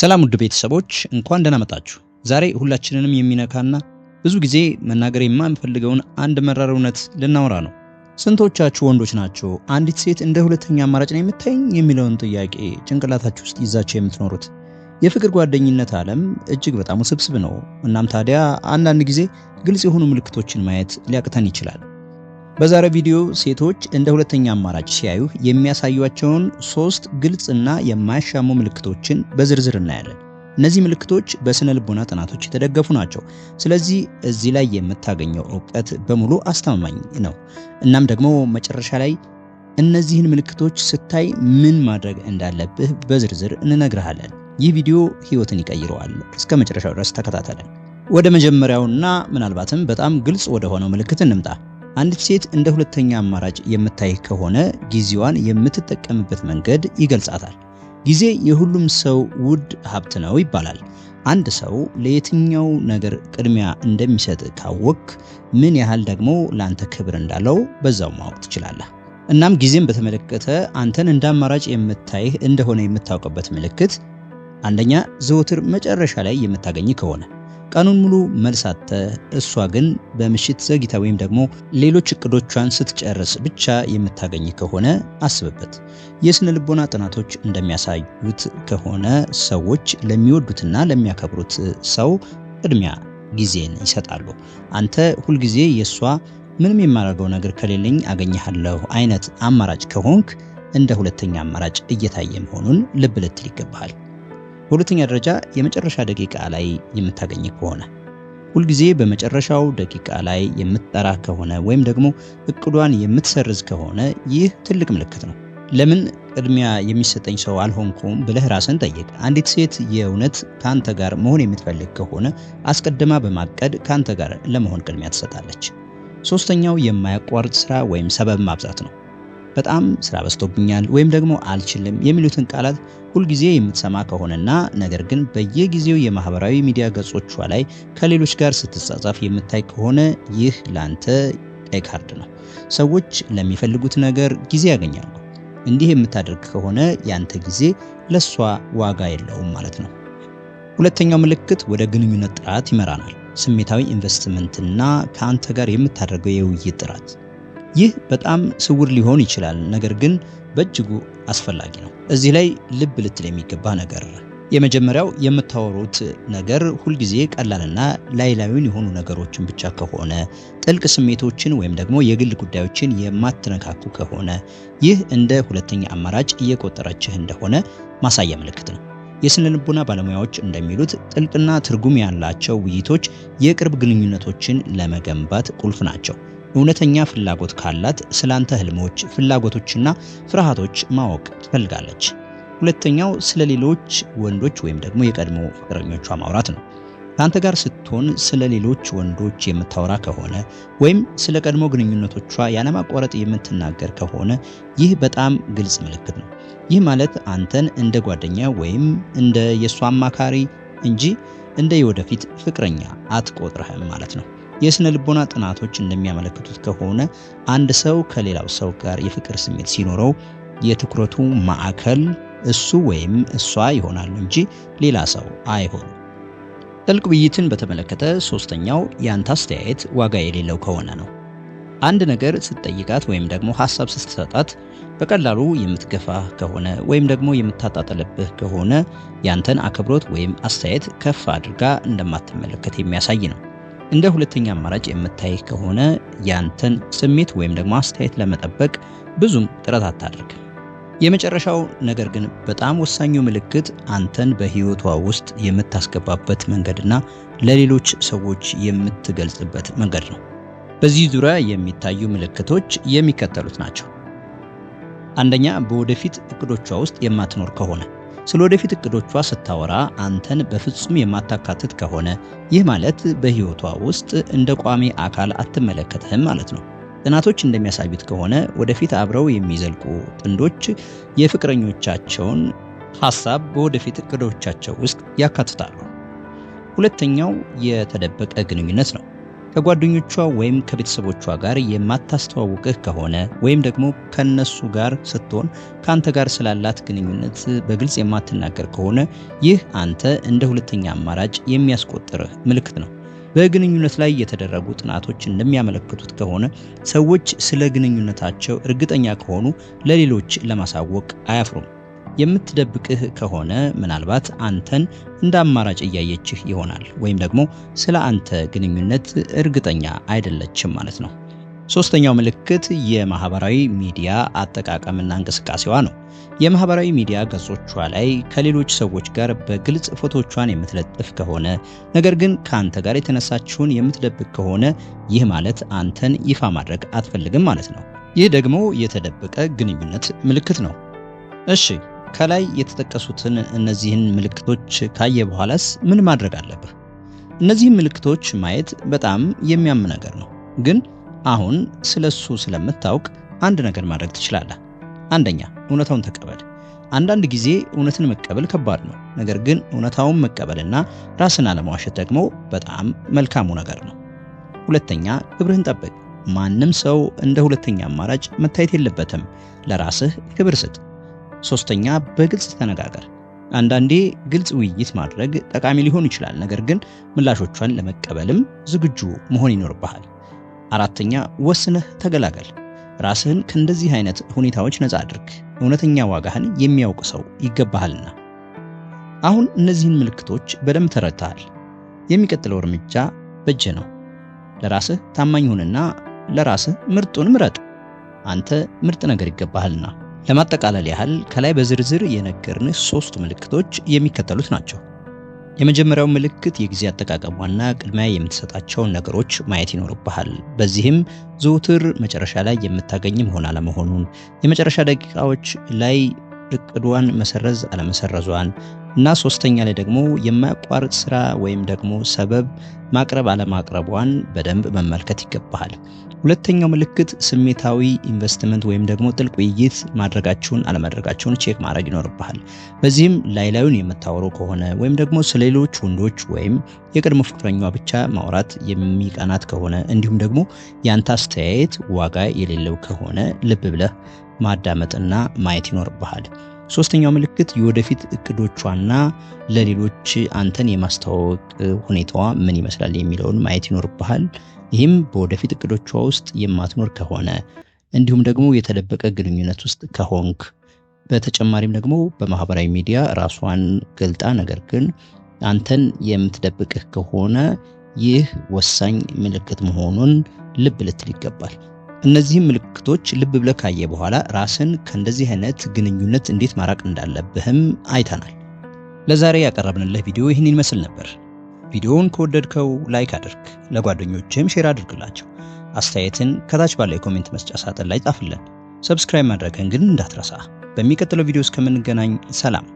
ሰላም ውድ ቤተሰቦች እንኳን ደህና መጣችሁ። ዛሬ ሁላችንንም የሚነካና ብዙ ጊዜ መናገር የማንፈልገውን አንድ መራር እውነት ልናወራ ነው። ስንቶቻችሁ ወንዶች ናቸው አንዲት ሴት እንደ ሁለተኛ አማራጭ ነው የምታየኝ የሚለውን ጥያቄ ጭንቅላታችሁ ውስጥ ይዛችሁ የምትኖሩት? የፍቅር ጓደኝነት ዓለም እጅግ በጣም ውስብስብ ነው። እናም ታዲያ አንዳንድ ጊዜ ግልጽ የሆኑ ምልክቶችን ማየት ሊያቅተን ይችላል። በዛሬ ቪዲዮ ሴቶች እንደ ሁለተኛ አማራጭ ሲያዩ የሚያሳዩቸውን ሶስት ግልጽና የማያሻሙ ምልክቶችን በዝርዝር እናያለን። እነዚህ ምልክቶች በስነ ልቦና ጥናቶች የተደገፉ ናቸው። ስለዚህ እዚህ ላይ የምታገኘው እውቀት በሙሉ አስተማማኝ ነው። እናም ደግሞ መጨረሻ ላይ እነዚህን ምልክቶች ስታይ ምን ማድረግ እንዳለብህ በዝርዝር እንነግርሃለን። ይህ ቪዲዮ ህይወትን ይቀይረዋል። እስከ መጨረሻው ድረስ ተከታተለን። ወደ መጀመሪያውና ምናልባትም በጣም ግልጽ ወደ ሆነው ምልክት እንምጣ። አንዲት ሴት እንደ ሁለተኛ አማራጭ የምታይ ከሆነ ጊዜዋን የምትጠቀምበት መንገድ ይገልጻታል። ጊዜ የሁሉም ሰው ውድ ሀብት ነው ይባላል። አንድ ሰው ለየትኛው ነገር ቅድሚያ እንደሚሰጥ ካወቅ፣ ምን ያህል ደግሞ ለአንተ ክብር እንዳለው በዛው ማወቅ ትችላለህ። እናም ጊዜን በተመለከተ አንተን እንደ አማራጭ የምታይህ እንደሆነ የምታውቅበት ምልክት አንደኛ ዘወትር መጨረሻ ላይ የምታገኝ ከሆነ ቀኑን ሙሉ መልሳተ እሷ ግን በምሽት ዘግይታ ወይም ደግሞ ሌሎች እቅዶቿን ስትጨርስ ብቻ የምታገኝ ከሆነ አስብበት። የስነ ልቦና ጥናቶች እንደሚያሳዩት ከሆነ ሰዎች ለሚወዱትና ለሚያከብሩት ሰው ቅድሚያ ጊዜን ይሰጣሉ። አንተ ሁልጊዜ የእሷ ምንም የማደርገው ነገር ከሌለኝ አገኘሃለሁ አይነት አማራጭ ከሆንክ እንደ ሁለተኛ አማራጭ እየታየ መሆኑን ልብ ልትል ይገባሃል። በሁለተኛ ደረጃ የመጨረሻ ደቂቃ ላይ የምታገኝ ከሆነ ሁልጊዜ በመጨረሻው ደቂቃ ላይ የምትጠራ ከሆነ ወይም ደግሞ እቅዷን የምትሰርዝ ከሆነ ይህ ትልቅ ምልክት ነው። ለምን ቅድሚያ የሚሰጠኝ ሰው አልሆንኩም ብለህ ራስን ጠይቅ። አንዲት ሴት የእውነት ከአንተ ጋር መሆን የምትፈልግ ከሆነ አስቀድማ በማቀድ ከአንተ ጋር ለመሆን ቅድሚያ ትሰጣለች። ሶስተኛው የማያቋርጥ ስራ ወይም ሰበብ ማብዛት ነው። በጣም ስራ በዝቶብኛል ወይም ደግሞ አልችልም የሚሉትን ቃላት ሁልጊዜ የምትሰማ ከሆነና ነገር ግን በየጊዜው የማህበራዊ ሚዲያ ገጾቿ ላይ ከሌሎች ጋር ስትጻጻፍ የምታይ ከሆነ ይህ ላንተ ቀይ ካርድ ነው። ሰዎች ለሚፈልጉት ነገር ጊዜ ያገኛሉ። እንዲህ የምታደርግ ከሆነ ያንተ ጊዜ ለሷ ዋጋ የለውም ማለት ነው። ሁለተኛው ምልክት ወደ ግንኙነት ጥራት ይመራናል። ስሜታዊ ኢንቨስትመንትና ከአንተ ጋር የምታደርገው የውይይት ጥራት ይህ በጣም ስውር ሊሆን ይችላል፣ ነገር ግን በእጅጉ አስፈላጊ ነው። እዚህ ላይ ልብ ልትል የሚገባ ነገር የመጀመሪያው የምታወሩት ነገር ሁልጊዜ ቀላልና ላይላዊን የሆኑ ነገሮችን ብቻ ከሆነ፣ ጥልቅ ስሜቶችን ወይም ደግሞ የግል ጉዳዮችን የማትነካኩ ከሆነ፣ ይህ እንደ ሁለተኛ አማራጭ እየቆጠረችህ እንደሆነ ማሳያ ምልክት ነው። የስነ ባለሙያዎች እንደሚሉት ጥልቅና ትርጉም ያላቸው ውይይቶች የቅርብ ግንኙነቶችን ለመገንባት ቁልፍ ናቸው። እውነተኛ ፍላጎት ካላት ስላንተ ህልሞች፣ ፍላጎቶችና ፍርሃቶች ማወቅ ትፈልጋለች። ሁለተኛው ስለ ሌሎች ወንዶች ወይም ደግሞ የቀድሞ ፍቅረኞቿ ማውራት ነው። ከአንተ ጋር ስትሆን ስለ ሌሎች ወንዶች የምታወራ ከሆነ ወይም ስለ ቀድሞ ግንኙነቶቿ ያለማቋረጥ የምትናገር ከሆነ ይህ በጣም ግልጽ ምልክት ነው። ይህ ማለት አንተን እንደ ጓደኛ ወይም እንደ የእሷ አማካሪ እንጂ እንደ የወደፊት ፍቅረኛ አትቆጥረህም ማለት ነው። የስነ ልቦና ጥናቶች እንደሚያመለክቱት ከሆነ አንድ ሰው ከሌላው ሰው ጋር የፍቅር ስሜት ሲኖረው የትኩረቱ ማዕከል እሱ ወይም እሷ ይሆናሉ እንጂ ሌላ ሰው አይሆኑ። ጥልቅ ውይይትን በተመለከተ ሶስተኛው ያንተ አስተያየት ዋጋ የሌለው ከሆነ ነው። አንድ ነገር ስትጠይቃት ወይም ደግሞ ሀሳብ ስትሰጣት በቀላሉ የምትገፋ ከሆነ ወይም ደግሞ የምታጣጠልብህ ከሆነ ያንተን አክብሮት ወይም አስተያየት ከፍ አድርጋ እንደማትመለከት የሚያሳይ ነው። እንደ ሁለተኛ አማራጭ የምታይ ከሆነ ያንተን ስሜት ወይም ደግሞ አስተያየት ለመጠበቅ ብዙም ጥረት አታድርግ። የመጨረሻው ነገር ግን በጣም ወሳኙ ምልክት አንተን በህይወቷ ውስጥ የምታስገባበት መንገድና ለሌሎች ሰዎች የምትገልጽበት መንገድ ነው። በዚህ ዙሪያ የሚታዩ ምልክቶች የሚከተሉት ናቸው። አንደኛ፣ በወደፊት እቅዶቿ ውስጥ የማትኖር ከሆነ ስለ ወደፊት እቅዶቿ ስታወራ አንተን በፍጹም የማታካትት ከሆነ ይህ ማለት በህይወቷ ውስጥ እንደ ቋሚ አካል አትመለከትህም ማለት ነው። ጥናቶች እንደሚያሳዩት ከሆነ ወደፊት አብረው የሚዘልቁ ጥንዶች የፍቅረኞቻቸውን ሀሳብ በወደፊት እቅዶቻቸው ውስጥ ያካትታሉ። ሁለተኛው የተደበቀ ግንኙነት ነው። ከጓደኞቿ ወይም ከቤተሰቦቿ ጋር የማታስተዋውቅህ ከሆነ ወይም ደግሞ ከነሱ ጋር ስትሆን ከአንተ ጋር ስላላት ግንኙነት በግልጽ የማትናገር ከሆነ ይህ አንተ እንደ ሁለተኛ አማራጭ የሚያስቆጥርህ ምልክት ነው። በግንኙነት ላይ የተደረጉ ጥናቶች እንደሚያመለክቱት ከሆነ ሰዎች ስለ ግንኙነታቸው እርግጠኛ ከሆኑ ለሌሎች ለማሳወቅ አያፍሩም። የምትደብቅህ ከሆነ ምናልባት አንተን እንደ አማራጭ እያየችህ ይሆናል፣ ወይም ደግሞ ስለ አንተ ግንኙነት እርግጠኛ አይደለችም ማለት ነው። ሶስተኛው ምልክት የማህበራዊ ሚዲያ አጠቃቀምና እንቅስቃሴዋ ነው። የማህበራዊ ሚዲያ ገጾቿ ላይ ከሌሎች ሰዎች ጋር በግልጽ ፎቶቿን የምትለጥፍ ከሆነ ነገር ግን ከአንተ ጋር የተነሳችውን የምትደብቅ ከሆነ ይህ ማለት አንተን ይፋ ማድረግ አትፈልግም ማለት ነው። ይህ ደግሞ የተደበቀ ግንኙነት ምልክት ነው። እሺ ከላይ የተጠቀሱትን እነዚህን ምልክቶች ካየ በኋላስ ምን ማድረግ አለብህ? እነዚህን ምልክቶች ማየት በጣም የሚያም ነገር ነው፣ ግን አሁን ስለሱ ስለምታውቅ አንድ ነገር ማድረግ ትችላለህ። አንደኛ እውነታውን ተቀበል። አንዳንድ ጊዜ እውነትን መቀበል ከባድ ነው፣ ነገር ግን እውነታውን መቀበልና ራስን አለመዋሸት ደግሞ በጣም መልካሙ ነገር ነው። ሁለተኛ ክብርህን ጠብቅ። ማንም ሰው እንደ ሁለተኛ አማራጭ መታየት የለበትም። ለራስህ ክብር ስጥ። ሶስተኛ በግልጽ ተነጋገር። አንዳንዴ ግልጽ ውይይት ማድረግ ጠቃሚ ሊሆን ይችላል፣ ነገር ግን ምላሾቿን ለመቀበልም ዝግጁ መሆን ይኖርብሃል። አራተኛ ወስነህ ተገላገል። ራስህን ከእንደዚህ አይነት ሁኔታዎች ነፃ አድርግ፣ እውነተኛ ዋጋህን የሚያውቅ ሰው ይገባሃልና። አሁን እነዚህን ምልክቶች በደንብ ተረድተሃል። የሚቀጥለው እርምጃ በጀ ነው። ለራስህ ታማኝ ሁንና ለራስህ ምርጡን ምረጥ። አንተ ምርጥ ነገር ይገባሃልና። ለማጠቃለል ያህል ከላይ በዝርዝር የነገርን ሶስት ምልክቶች የሚከተሉት ናቸው። የመጀመሪያው ምልክት የጊዜ አጠቃቀሟና ቅድሚያ የምትሰጣቸውን ነገሮች ማየት ይኖርብሃል። በዚህም ዘውትር መጨረሻ ላይ የምታገኝ መሆን አለመሆኑን፣ የመጨረሻ ደቂቃዎች ላይ እቅዷን መሰረዝ አለመሰረዟን እና ሶስተኛ ላይ ደግሞ የማያቋርጥ ስራ ወይም ደግሞ ሰበብ ማቅረብ አለማቅረቧን በደንብ መመልከት ይገባሃል። ሁለተኛው ምልክት ስሜታዊ ኢንቨስትመንት ወይም ደግሞ ጥልቅ ውይይት ማድረጋችሁን አለማድረጋችሁን ቼክ ማድረግ ይኖርብሃል። በዚህም ላይ ላዩን የምታወሩ ከሆነ ወይም ደግሞ ስለሌሎች ወንዶች ወይም የቅድመ ፍቅረኛ ብቻ ማውራት የሚቀናት ከሆነ እንዲሁም ደግሞ ያንተ አስተያየት ዋጋ የሌለው ከሆነ ልብ ብለህ ማዳመጥና ማየት ይኖርብሃል። ሶስተኛው ምልክት የወደፊት እቅዶቿና ለሌሎች አንተን የማስተዋወቅ ሁኔታዋ ምን ይመስላል የሚለውን ማየት ይኖርብሃል። ይህም በወደፊት እቅዶቿ ውስጥ የማትኖር ከሆነ እንዲሁም ደግሞ የተደበቀ ግንኙነት ውስጥ ከሆንክ፣ በተጨማሪም ደግሞ በማህበራዊ ሚዲያ ራሷን ገልጣ ነገር ግን አንተን የምትደብቅህ ከሆነ ይህ ወሳኝ ምልክት መሆኑን ልብ ልትል ይገባል። እነዚህም ምልክቶች ልብ ብለህ ካየ በኋላ ራስን ከእንደዚህ አይነት ግንኙነት እንዴት ማራቅ እንዳለብህም አይተናል። ለዛሬ ያቀረብንልህ ቪዲዮ ይህን ይመስል ነበር። ቪዲዮውን ከወደድከው ላይክ አድርግ፣ ለጓደኞችም ሼር አድርግላቸው። አስተያየትን ከታች ባለው የኮሜንት መስጫ ሳጥን ላይ ጻፍልን። ሰብስክራይብ ማድረግን ግን እንዳትረሳ። በሚቀጥለው ቪዲዮ እስከምንገናኝ ሰላም።